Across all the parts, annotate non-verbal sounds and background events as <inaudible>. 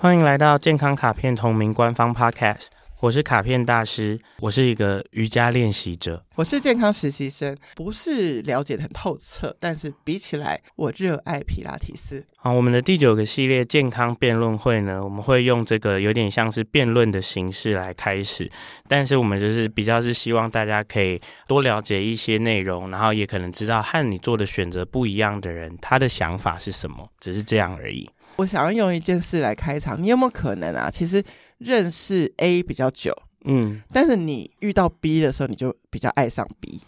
歡迎來到健康卡片同名官方 Podcast。我是卡片大師，我是一個瑜伽練習者，我是健康實習生，不是了解的很透徹，但是比起來，我熱愛皮拉提斯。好，我們的第九個系列健康辯論會呢，我們會用這個有點像是辯論的形式來開始，但是我們就是比較是希望大家可以多了解一些內容，然後也可能知道和你做的選擇不一樣的人，他的想法是什麼，只是這樣而已。我想要用一件事來開場，你有沒有可能啊？其實認識 A 比較久，嗯，但是你遇到 B 的時候，你就比較愛上 B。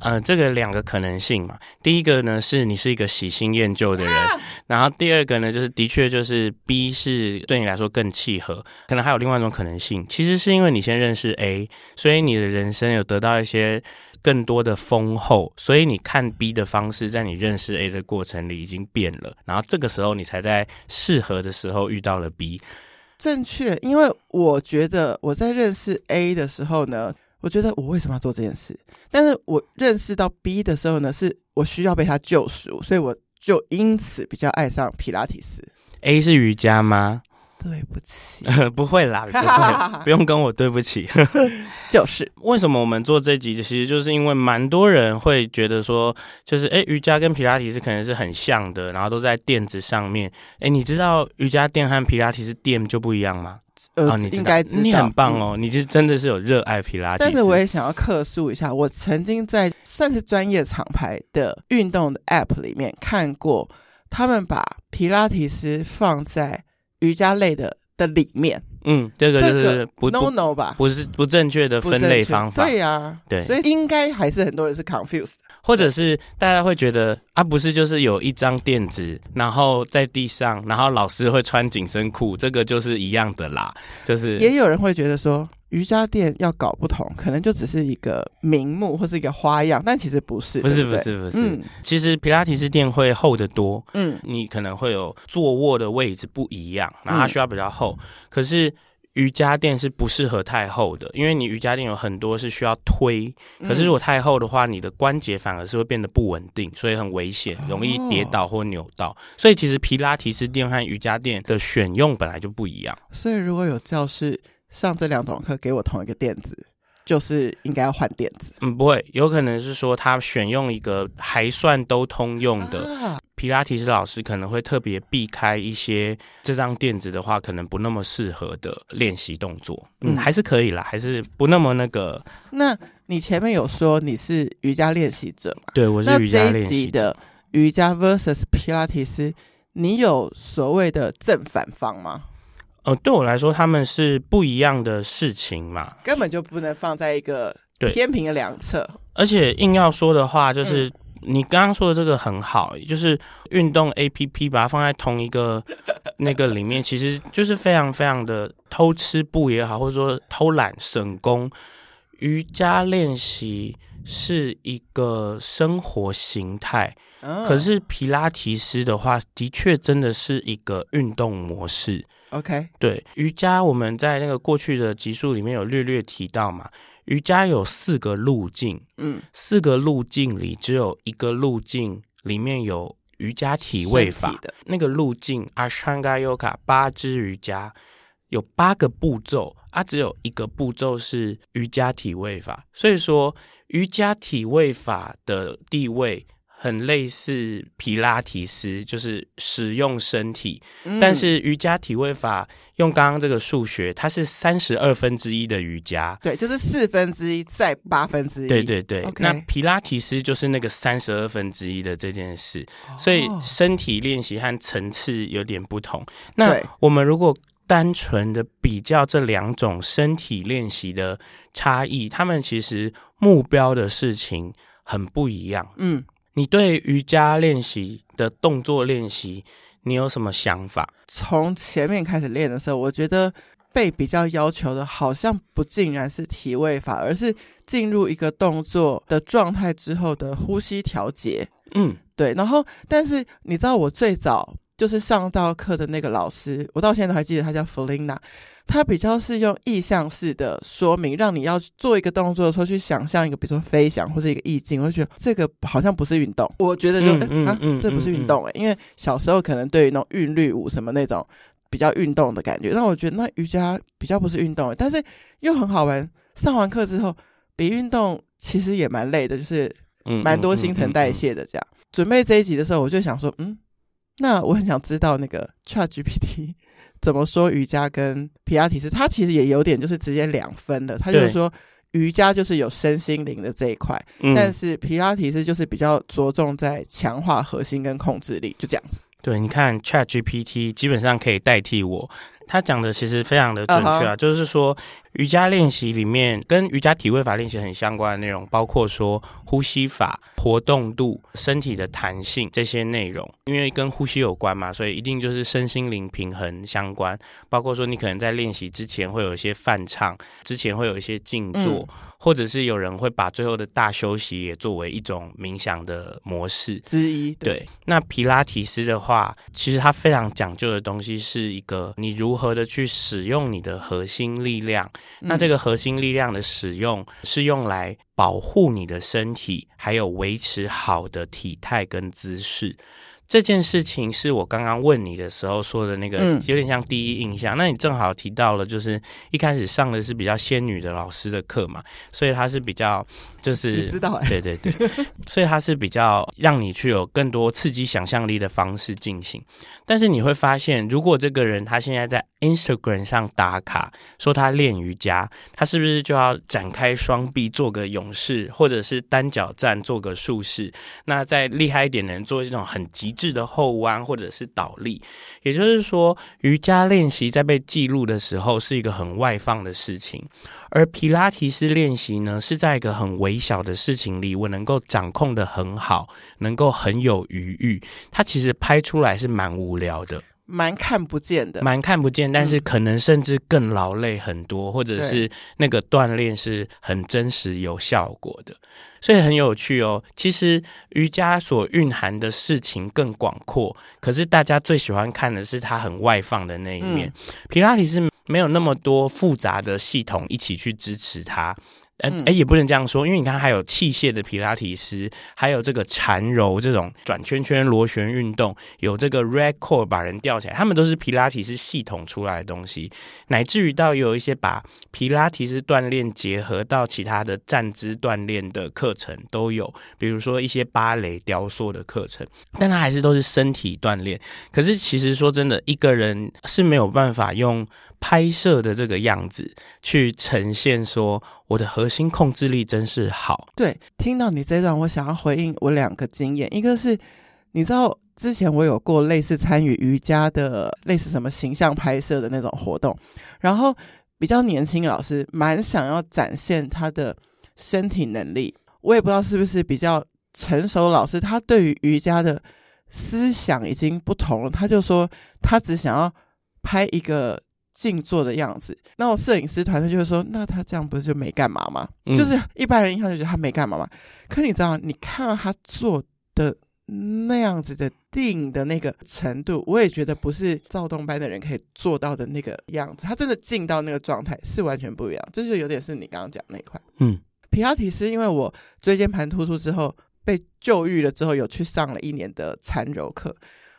呃，這個兩個可能性嘛，第一個呢是你是一個喜新厭舊的人，啊、然後第二個呢就是的確就是 B 是對你來說更契合。可能還有另外一種可能性，其實是因為你先認識 A，所以你的人生有得到一些。更多的豐厚，所以你看 B 的方式，在你認識 A 的過程裡已經變了，然後這個時候你才在適合的時候遇到了 B，正確。因為我覺得我在認識 A 的時候呢，我覺得我為什麼要做這件事，但是我認識到 B 的時候呢，是我需要被他救贖，所以我就因此比較愛上皮拉提斯。A 是瑜伽嗎？對不起、呃，不會啦，不會，不用跟我對不起。 <laughs> 就是為什麼我們做這集，其實就是因為蠻多人會覺得說，就是哎，瑜伽跟皮拉提斯可能是很像的，然後都在墊子上面。哎，你知道瑜伽墊和皮拉提斯墊就不一樣嗎？呃，哦、你應該知道。你很棒哦，嗯、你是真的是有熱愛皮拉提斯。但是我也想要客訴一下，我曾經在算是專業廠牌的運動的 App 裡面看過，他們把皮拉提斯放在。瑜伽類的的裡面，嗯，這個就是不，這個、不，no, no 吧，不是不正確的分類方法，對呀，對、啊，對所以應該還是很多人是 confused，或者是大家會覺得對啊，不是就是有一張墊子，然後在地上，然後老師會穿緊身褲，這個就是一樣的啦，就是也有人會覺得說。瑜伽墊要搞不同，可能就只是一個名目或是一個花樣，但其實不是，對不對？不是不是不是。嗯，其實皮拉提斯墊會厚得多，嗯，你可能會有坐臥的位置不一樣，然後它需要比較厚。嗯，可是瑜伽墊是不適合太厚的，因為你瑜伽墊有很多是需要推，可是如果太厚的話，你的關節反而是會變得不穩定，所以很危險，容易跌倒或扭到。哦，所以其實皮拉提斯墊和瑜伽墊的選用本來就不一樣。所以如果有教室。上這兩堂課給我同一個墊子，就是應該要換墊子。嗯，不會，有可能是說他選用一個還算都通用的、啊、皮拉提斯老師，可能會特別避開一些這張墊子的話，可能不那麼適合的練習動作。嗯，嗯還是可以啦，還是不那麼那個。那你前面有說你是瑜伽練習者嗎？對，我是瑜伽練習的。瑜伽 vs 皮拉提斯，你有所謂的正反方嗎？哦、呃，對我來說他們是不一樣的事情嘛，根本就不能放在一個天平的兩側。而且硬要說的話，就是、嗯、你剛剛說的這個很好，就是運動 APP 把它放在同一個那個裡面， <laughs> 其實就是非常非常的偷吃步也好，或者說偷懶省功。瑜伽練習是一個生活形態，oh. 可是皮拉提斯的話，的確真的是一個運動模式。OK，對瑜伽，我們在那個過去的集數裡面有略略提到嘛，瑜伽有四個路徑，嗯，四個路徑裡只有一個路徑裡面有瑜伽體位法體的那個路徑，Ashtanga Yoga，八支瑜伽有八個步驟。它、啊、只有一個步驟是瑜伽體位法，所以說瑜伽體位法的地位很類似皮拉提斯，就是使用身體。嗯、但是瑜伽體位法用剛剛這個數學，它是三十二分之一的瑜伽，對，就是四分之一再八分之一。對對對，對對 Okay. 那皮拉提斯就是那個三十二分之一的這件事，所以身體練習和層次有點不同。那對我們如果。單純的比較這兩種身體練習的差異，他們其實目標的事情很不一樣。嗯，你對於瑜伽練習的動作練習，你有什麼想法？從前面開始練的時候，我覺得被比較要求的，好像不盡然是體位法，而是進入一個動作的狀態之後的呼吸調節。嗯，對。然後，但是你知道，我最早。就是上到課的那個老師，我到現在都還記得，他叫弗琳娜。他比較是用意象式的說明，讓你要做一個動作的時候去想象一個，比如說飛翔或者一個意境。我就覺得這個好像不是運動，我覺得就嗯、欸、啊，這不是運動誒、欸，因為小時候可能對於那種韻律舞什麼那種比較運動的感覺，那我覺得那瑜伽比較不是運動、欸，但是又很好玩。上完課之後，比運動其實也蠻累的，就是嗯，蠻多新陳代謝的這樣。準備這一集的時候，我就想說，嗯。那我很想知道那個 ChatGPT 怎麼說瑜伽跟皮拉提斯？他其實也有點就是直接兩分了。他就是說瑜伽就是有身心靈的這一塊，對但是皮拉提斯就是比較着重在強化核心跟控制力，就這樣子。對，你看 ChatGPT 基本上可以代替我。他講的其實非常的準確啊，uh huh. 就是說瑜伽練習裡面跟瑜伽體位法練習很相關的內容，包括說呼吸法、活動度、身體的彈性這些內容，因為跟呼吸有關嘛，所以一定就是身心靈平衡相關。包括說你可能在練習之前會有一些梵唱，之前會有一些靜坐，嗯、或者是有人會把最後的大休息也作為一種冥想的模式之一。對，對。那皮拉提斯的話，其實他非常講究的東西是一個你如如何的去使用你的核心力量，那這個核心力量的使用是用來保護你的身體，還有維持好的體態跟姿勢。這件事情是我剛剛問你的時候說的那個，嗯、有點像第一印象。那你正好提到了，就是一開始上的是比較仙女的老師的課嘛，所以他是比較就是你知道哎？對對對， <laughs> 所以他是比較讓你去有更多刺激想象力的方式進行。但是你會發現，如果這個人他現在在 Instagram 上打卡說他練瑜伽，他是不是就要展開雙臂做個勇士，或者是單腳站做個樹式，那再厲害一點的人做這種很極質的後彎或者是倒立，也就是說，瑜伽練習在被記錄的時候是一個很外放的事情，而皮拉提斯練習呢，是在一個很微小的事情裡，我能夠掌控的很好，能夠很有餘裕。它其實拍出來是蠻無聊的。蠻看不見的，蠻看不見，但是可能甚至更勞累很多，或者是那個鍛鍊是很真實有效果的，所以很有趣哦。其實瑜伽所蘊含的事情更廣闊，可是大家最喜歡看的是它很外放的那一面。嗯、皮拉提斯沒有那麼多複雜的系統一起去支持它。哎哎，也不能這樣說，因為你看，還有器械的皮拉提斯，還有這個禪柔這種轉圈圈、螺旋運動，有這個 Redcord 把人吊起來，他們都是皮拉提斯系統出來的東西，乃至於到有一些把皮拉提斯鍛鍊結合到其他的站姿鍛鍊的課程都有，比如說一些芭蕾、雕塑的課程，但它還是都是身體鍛鍊。可是其實說真的，一個人是沒有辦法用。拍攝的這個樣子去呈現，說我的核心控制力真是好。對，聽到你這段，我想要回應我兩個經驗，一個是，你知道之前我有過類似參與瑜伽的，類似什麼形象拍攝的那種活動，然後比較年輕的老師蠻想要展現他的身體能力，我也不知道是不是比較成熟老師，他對於瑜伽的思想已經不同了，他就說他只想要拍一個。靜坐的樣子，那我攝影師團隊就會說：“那他這樣不是就沒幹嘛嗎？嗯、就是一般人印象就覺得他沒幹嘛嘛。可你知道，你看到他做的那樣子的定的，的那個程度，我也覺得不是躁動般的人可以做到的那個樣子。他真的靜到那個狀態是完全不一樣，這就是、有點是你剛剛講那塊。嗯，皮拉提斯，因為我椎間盤突出之後被救癒了之後，有去上了一年的禪柔課。”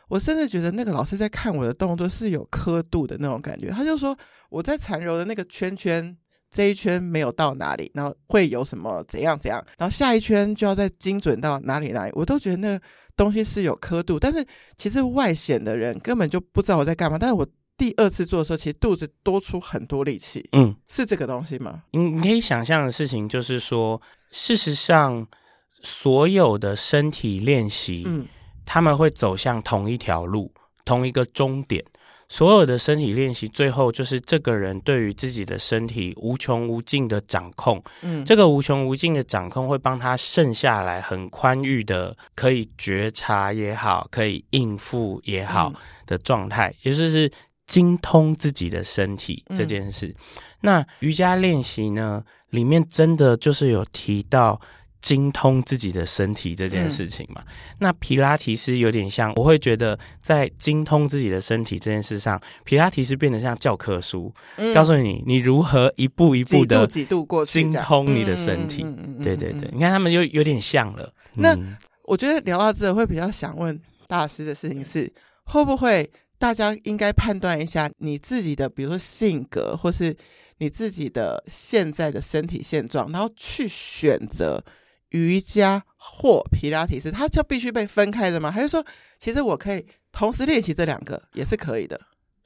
我甚至覺得那個老師在看我的動作是有刻度的那種感覺，他就說我在禪柔的那個圈圈這一圈沒有到哪裡，然後會有什麼怎樣怎樣，然後下一圈就要再精準到哪裡哪裡，我都覺得那東西是有刻度。但是其實外顯的人根本就不知道我在幹嘛。但是我第二次做的時候，其實肚子多出很多力氣。嗯，是這個東西嗎？你你可以想象的事情就是說，事實上所有的身體練習，嗯。他們會走向同一條路，同一個終點。所有的身體練習，最後就是這個人對於自己的身體無窮無盡的掌控。嗯，這個無窮無盡的掌控會幫他剩下來很寬裕的，可以覺察也好，可以應付也好的狀態，嗯、也就是精通自己的身體這件事。嗯、那瑜伽練習呢？裡面真的就是有提到。精通自己的身體這件事情嘛？嗯、那皮拉提斯有點像，我會覺得在精通自己的身體這件事上，皮拉提斯變得像教科書，嗯、告訴你你如何一步一步的幾度過去精通你的身體。對對對，你看他們又有點像了。嗯、那我覺得聊到這會比較想問大師的事情是，會不會大家應該判斷一下你自己的，比如說性格，或是你自己的現在的身體現狀，然後去選擇。瑜伽或皮拉提斯，它就必須被分開的嗎？還是說，其實我可以同時練習這兩個，也是可以的。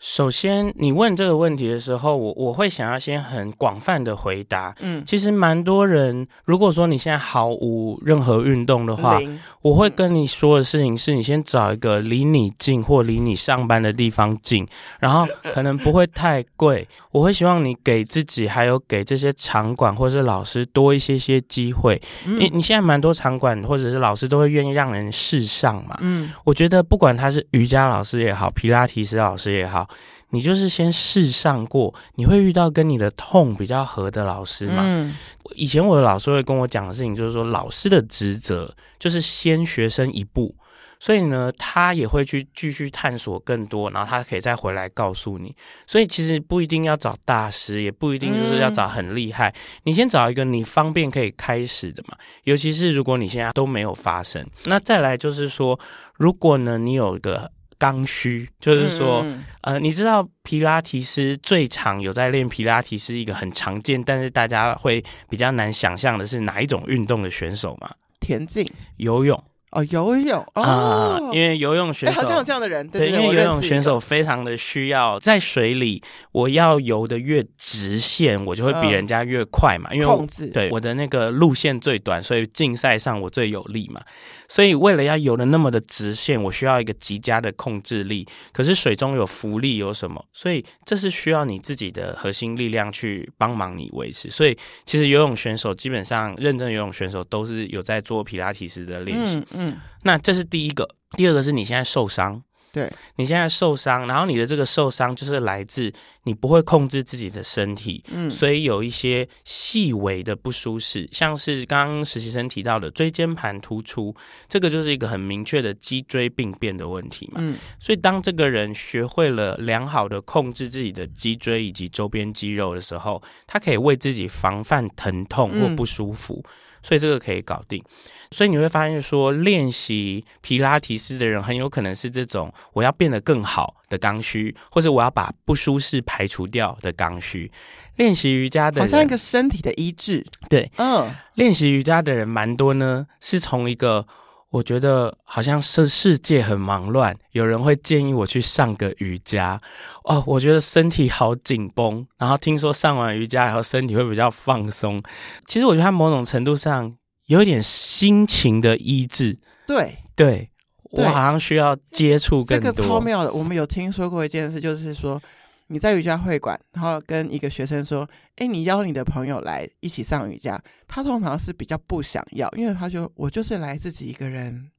首先，你問這個問題的時候，我我會想要先很廣泛的回答。嗯，其實蠻多人，如果說你現在毫無任何運動的話，嗯。我會跟你說的事情是你先找一個離你近或離你上班的地方近，然後可能不會太貴。 <laughs> 我會希望你給自己還有給這些場館或者是老師多一些些機會。嗯。你你現在蠻多場館或者是老師都會願意讓人試上嘛？嗯，我覺得不管他是瑜伽老師也好，皮拉提斯老師也好。你就是先試上過，你會遇到跟你的 tone 比較合的老師嗎？嗯、以前我的老師會跟我講的事情就是說，老師的職責就是先學生一步，所以呢，他也會去繼續探索更多，然後他可以再回來告訴你。所以其實不一定要找大師，也不一定就是要找很厲害，嗯、你先找一個你方便可以開始的嘛。尤其是如果你現在都沒有發生，那再來就是說，如果呢，你有一個。剛需就是說，嗯、呃，你知道皮拉提斯最常有在練皮拉提斯，一個很常見，但是大家會比較難想象的是哪一種運動的選手嗎？田徑、游泳哦，游泳啊，哦呃，因為游泳選手，欸、好像有這樣的人，對，對，對，對，因為游泳選手非常的需要在水裡，我要游得越直線，我就會比人家越快嘛，因為控制對我的那個路線最短，所以競賽上我最有利嘛。所以為了要游得那麼的直線，我需要一個極佳的控制力。可是水中有浮力有什麼？所以這是需要你自己的核心力量去幫忙你維持。所以其實游泳選手基本上認真游泳選手都是有在做皮拉提斯的練習。嗯嗯。嗯，那這是第一個，第二個是你現在受傷。對，你現在受傷，然後你的這個受傷就是來自你不會控制自己的身體，嗯，所以有一些細微的不舒適，像是剛剛實習生提到的椎間盤突出，這個就是一個很明確的脊椎病變的問題嘛，嗯，所以當這個人學會了良好的控制自己的脊椎以及周邊肌肉的時候，他可以為自己防範疼痛或不舒服，嗯，所以這個可以搞定。所以你會發現說，練習皮拉提斯的人很有可能是這種。我要變得更好的剛需，或是我要把不舒適排除掉的剛需。練習瑜伽的人好像一個身體的醫治，對，嗯，練習瑜伽的人蠻多呢，是從一個我覺得好像是世界很忙亂，有人會建議我去上個瑜伽。哦，我覺得身體好緊繃，然後聽說上完瑜伽以後身體會比較放鬆。其實我覺得他某種程度上有一點心情的醫治，對對。對我好像需要接觸更多。這個超妙的，我們有聽說過一件事，就是說你在瑜伽會館，然後跟一個學生說：“哎，你邀你的朋友來一起上瑜伽。”他通常是比較不想要，因為他就，我就是來自己一個人。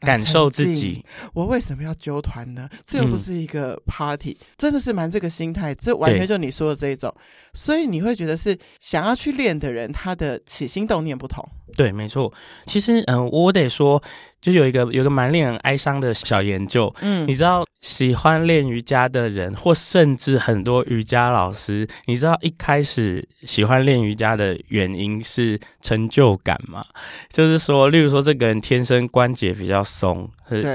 感受自己，自己我為什麼要揪團呢？這又不是一個 party，嗯、真的是蠻這個心態，這完全就你說的這一種，對所以你會覺得是想要去練的人，他的起心動念不同。對，沒錯。其實，嗯，我得說，就有一個有一個蠻令人哀傷的小研究。嗯，你知道喜歡練瑜伽的人，或甚至很多瑜伽老師，你知道一開始喜歡練瑜伽的原因是成就感嗎？就是說，例如說，這個人天生關節比較。鬆，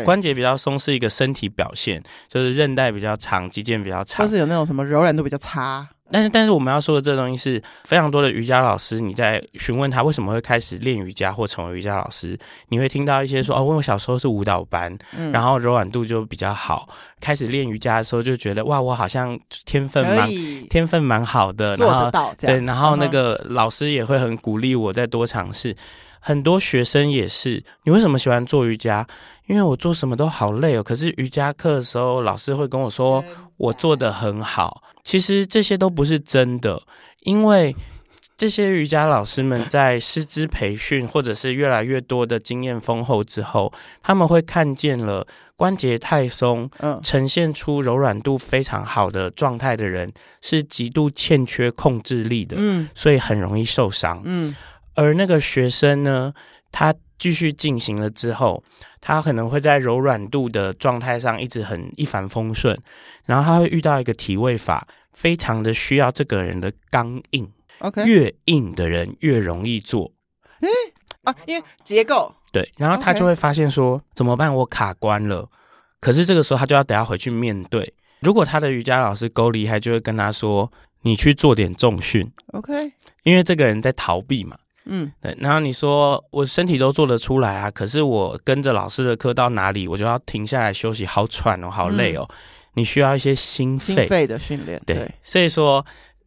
關節比較鬆是，是一個身體表現，對就是韌帶比較長，肌腱比較長，就是有那種什麼柔軟度比較差。但是，但是我們要說的這東西是，非常多的瑜伽老師，你在詢問他為什麼會開始練瑜伽或成為瑜伽老師，你會聽到一些說、嗯、哦，因為我小時候是舞蹈班，嗯、然後柔軟度就比較好，開始練瑜伽的時候就覺得哇，我好像天分蠻以天分蠻好的，然後對，然後那個老師也會很鼓勵我再多嘗試。很多學生也是，你為什麼喜歡做瑜伽？因為我做什麼都好累哦。可是瑜伽課的時候，老師會跟我說我做的很好。其實這些都不是真的，因為這些瑜伽老師們在師資培訓或者是越來越多的經驗豐厚之後，他們會看見了關節太鬆，呈現出柔軟度非常好的狀態的人是極度欠缺控制力的，嗯，所以很容易受傷，嗯。而那個學生呢，他繼續進行了之後，他可能會在柔軟度的狀態上一直很一帆風順，然後他會遇到一個體位法，非常的需要這個人的剛硬。OK，越硬的人越容易做。嗯、欸，啊，因為結構，對，然後他就會發現說 Okay. 怎麼辦？我卡關了。可是這個時候他就要得要回去面對。如果他的瑜伽老師夠厲害，就會跟他說：“你去做點重訓。”OK，因為這個人在逃避嘛。嗯，對，然後你說我身體都做得出來啊，可是我跟着老師的課到哪裡，我就要停下來休息，好喘哦，好累哦。嗯，你需要一些心肺心肺的訓練，對，對，所以說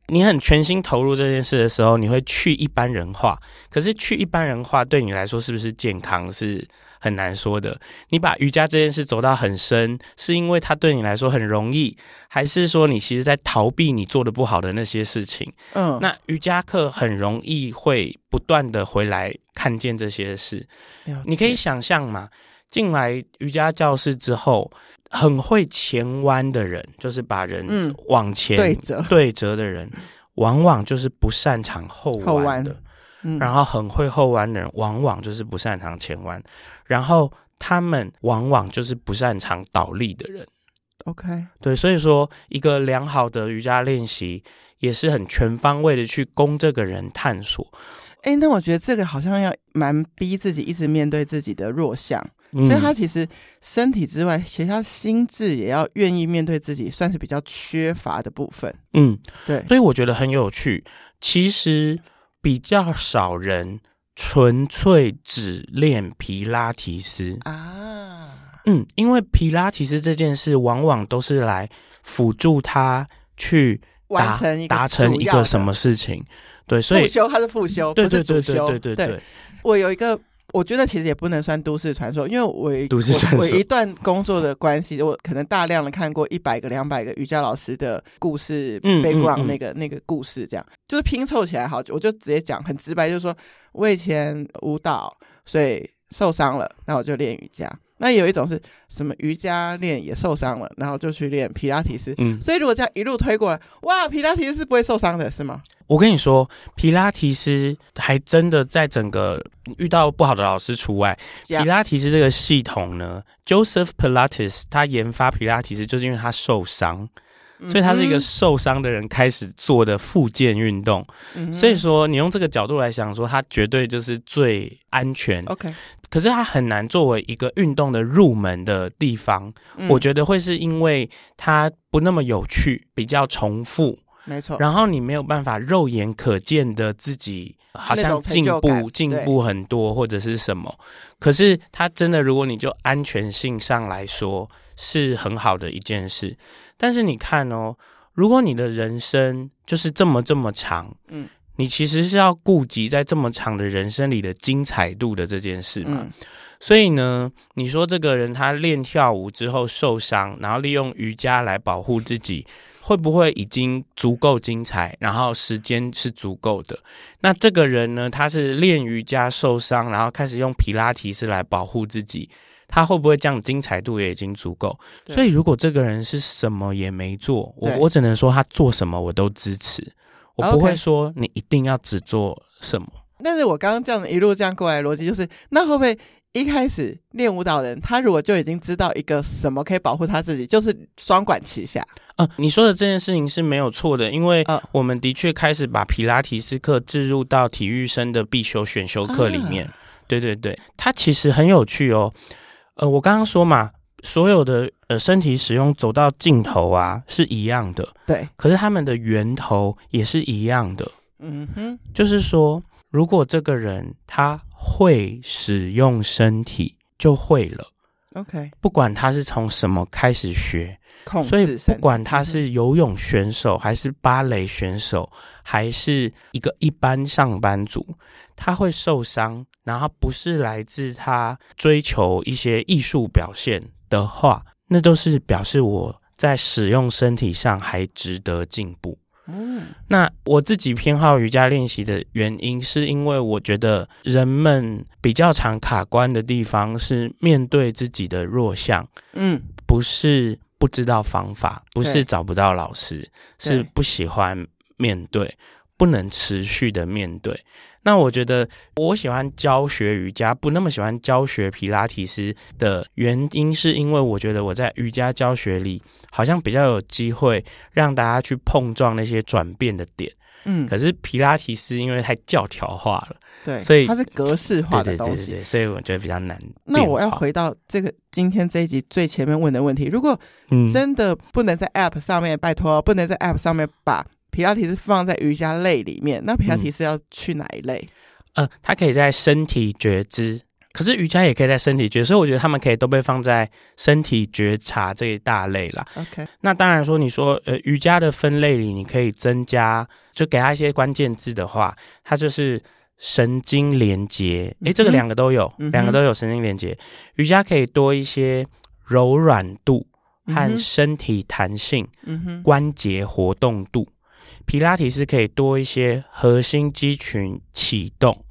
你很全心投入這件事的時候，你會去一般人化，可是去一般人化對你來說是不是健康？是。很難說的。你把瑜伽這件事走到很深，是因為它對你來說很容易，還是說你其實在逃避你做得不好的那些事情？嗯，那瑜伽課很容易會不斷的回來看見這些事。了解。你可以想象嘛，進來瑜伽教室之後，很會前彎的人，就是把人往前對折對折的人，嗯、往往就是不擅長後彎的。然後很會後彎的人，往往就是不擅長前彎，然後他們往往就是不擅長倒立的人。OK，對，所以說一個良好的瑜伽練習，也是很全方位的去供這個人探索。哎，那我覺得這個好像要蠻逼自己一直面對自己的弱項，嗯、所以他其實身體之外，其實他心智也要願意面對自己，算是比較缺乏的部分。嗯，對，所以我覺得很有趣，其實。比較少人純粹只練皮拉提斯啊，嗯，因為皮拉提斯這件事往往都是來輔助他去完成達成一個什麼事情，對，所以，副修他是副修。對對對，對對對對對對，對我有一個。我覺得其實也不能算都市傳說，因為我一都市傳說我，我一段工作的關係，我可能大量的看過一百個、兩百個瑜伽老師的故事 background 那個、嗯嗯嗯、那個故事，這樣就是拼湊起來。好久，我就直接講很直白，就是說我以前舞蹈，所以受傷了，那我就練瑜伽。那有一種是什麼瑜伽練也受傷了，然後就去練皮拉提斯。嗯，所以如果這樣一路推過來，哇，皮拉提斯是不會受傷的，是嗎？我跟你說，皮拉提斯還真的在整個遇到不好的老師除外，嗯、皮拉提斯這個系統呢，Joseph Pilates 他研發皮拉提斯就是因為他受傷，所以他是一個受傷的人開始做的復健運動。嗯、哼所以說，你用這個角度來想說，說他絕對就是最安全。OK。可是它很難作為一個運動的入門的地方，嗯、我覺得會是因為它不那麼有趣，比較重複，沒錯。然後你沒有辦法肉眼可見的自己好像進步進步很多或者是什麼。對可是它真的，如果你就安全性上來說是很好的一件事。但是你看哦，如果你的人生就是這麼這麼長，嗯。你其實是要顧及在這麼長的人生裡的精彩度的這件事嘛？所以呢，你說這個人他練跳舞之後受傷，然後利用瑜伽來保護自己，會不會已經足夠精彩？然後時間是足夠的？那這個人呢，他是練瑜伽受傷，然後開始用皮拉提斯來保護自己，他會不會這樣精彩度也已經足夠？所以如果這個人是什麼也沒做，我我只能說他做什麼我都支持。我不會說你一定要只做什麼，okay, 但是我剛剛這樣一路這樣過來，邏輯就是，那會不會一開始練舞蹈的人，他如果就已經知道一個什麼可以保護他自己，就是雙管齊下啊、嗯？你說的這件事情是沒有錯的，因為我們的確開始把皮拉提斯課置入到體育生的必修選修課裡面。啊、對對對，它其實很有趣哦。呃，我剛剛說嘛，所有的。呃，身體使用走到盡頭啊，是一樣的。對，可是他們的源頭也是一樣的。嗯哼，就是說，如果這個人他會使用身體，就會了。OK，不管他是從什麼開始學，控制身，所以不管他是游泳選手，還是芭蕾選手，嗯哼，還是一個一般上班族，他會受傷，然後不是來自他追求一些藝術表現的話。那都是表示我在使用身體上還值得進步。嗯,那我自己偏好瑜伽練習的原因,是因為我覺得人們比較常卡關的地方是面對自己的弱項，嗯,不是不知道方法,不是找不到老師，對是不喜歡面對。不能持續的面對。那我覺得我喜歡教學瑜伽，不那麼喜歡教學皮拉提斯的原因，是因為我覺得我在瑜伽教學裡好像比較有機會讓大家去碰撞那些轉變的點。嗯，可是皮拉提斯因為太教條化了，對，所以它是格式化的東西，對對對對對，所以我覺得比較難。那我要回到這個今天這一集最前面問的問題：如果真的不能在 App 上面，拜託哦，不能在 App 上面把。皮拉提斯放在瑜伽類裡面，那皮拉提斯要去哪一類？嗯、呃，它可以在身體覺知，可是瑜伽也可以在身體覺知，所以我覺得他們可以都被放在身體覺察這一大類啦。OK，那當然說，你說呃瑜伽的分類裡，你可以增加，就給他一些關鍵字的話，它就是神經連接。誒，這個兩個都有，嗯、哼兩個都有神經連接。瑜伽可以多一些柔軟度和身體彈性，嗯、哼關節活動度。皮拉提斯可以多一些核心肌群啟動，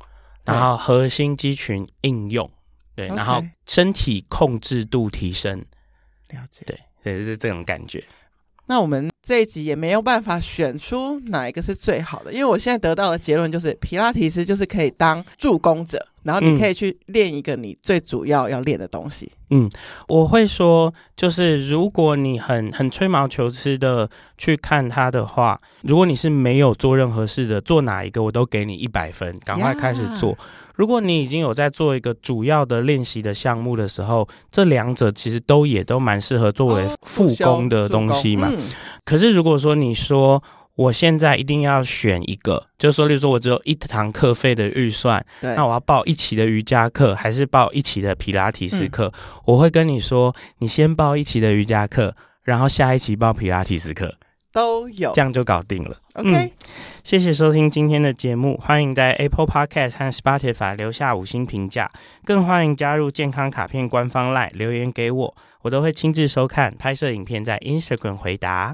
然後核心肌群應用，嗯、對，然後身體控制度提升，嗯、對了解，對，對、就是這種感覺。那我們。這一集也沒有辦法選出哪一個是最好的，因為我現在得到的結論就是，皮拉提斯就是可以當助攻者，然後你可以去練一個你最主要要練的東西。嗯，我會說，就是如果你很很吹毛求疵的去看它的話，如果你是沒有做任何事的，做哪一個我都給你一百分，趕快開始做。Yeah. 如果你已經有在做一個主要的練習的項目的時候，這兩者其實都也都蠻適合作為副攻的東西嘛。哦可是如果說你說我現在一定要選一個，就是，說例如說我只有一堂課費的預算，對那我要報一期的瑜伽課還是報一期的皮拉提斯課？嗯、我會跟你說，你先報一期的瑜伽課，然後下一期報皮拉提斯課，都有這樣就搞定了。OK，嗯、謝謝收聽今天的節目，歡迎在 Apple Podcast 和 Spotify 留下五星評價，更歡迎加入健康卡片官方 Line 留言給我，我都會親自收看、拍攝影片，在 Instagram 回答。